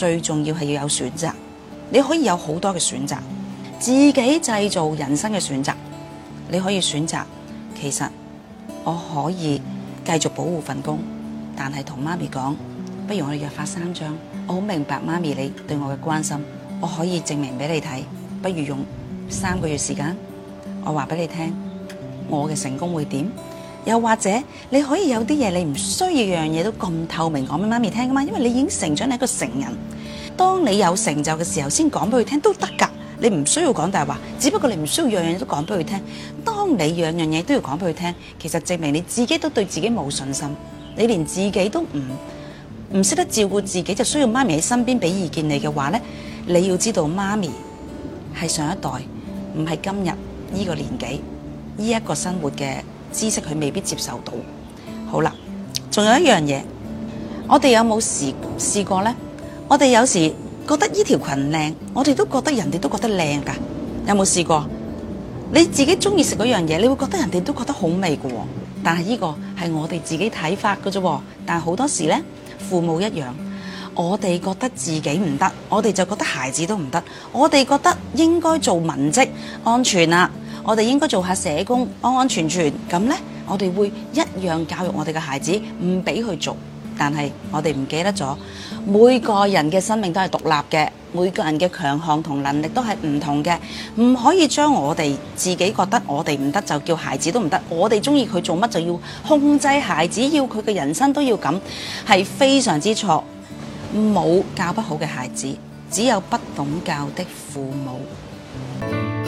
最重要係要有選擇，你可以有好多嘅選擇，自己製造人生嘅選擇，你可以選擇。其實我可以繼續保護份工，但係同媽咪講，不如我哋約法三章。我好明白媽咪你對我嘅關心，我可以證明俾你睇。不如用三個月時間，我話俾你聽，我嘅成功會點？又或者你可以有啲嘢，你唔需要樣嘢都咁透明講俾媽咪聽噶嘛，因為你已經成長了你一個成人。當你有成就嘅時候先講俾佢聽都得噶你唔需要講大話，只不過你唔需要樣樣嘢都講俾佢聽，當你樣樣嘢都要講俾佢聽，其實證明你自己都對自己冇信心，你連自己都唔唔識得照顧自己，就需要媽咪喺身邊俾意見你嘅話咧，你要知道媽咪係上一代，唔係今日呢個年紀呢一個生活嘅。知識佢未必接受到，好啦，仲有一樣嘢，我哋有冇試試過呢？我哋有時覺得呢條裙靚，我哋都覺得人哋都覺得靚噶，有冇試過？你自己鍾意食嗰樣嘢，你會覺得人哋都覺得好味噶喎，但係呢個係我哋自己睇法嘅啫。但係好多時呢，父母一樣，我哋覺得自己唔得，我哋就覺得孩子都唔得，我哋覺得應該做文職安全啦。我哋應該做下社工，安安全全咁呢，我哋會一樣教育我哋嘅孩子，唔俾佢做。但係我哋唔記得咗，每個人嘅生命都係獨立嘅，每個人嘅強項同能力都係唔同嘅，唔可以將我哋自己覺得我哋唔得就叫孩子都唔得。我哋中意佢做乜就要控制孩子，要佢嘅人生都要咁，係非常之錯。冇教不好嘅孩子，只有不懂教的父母。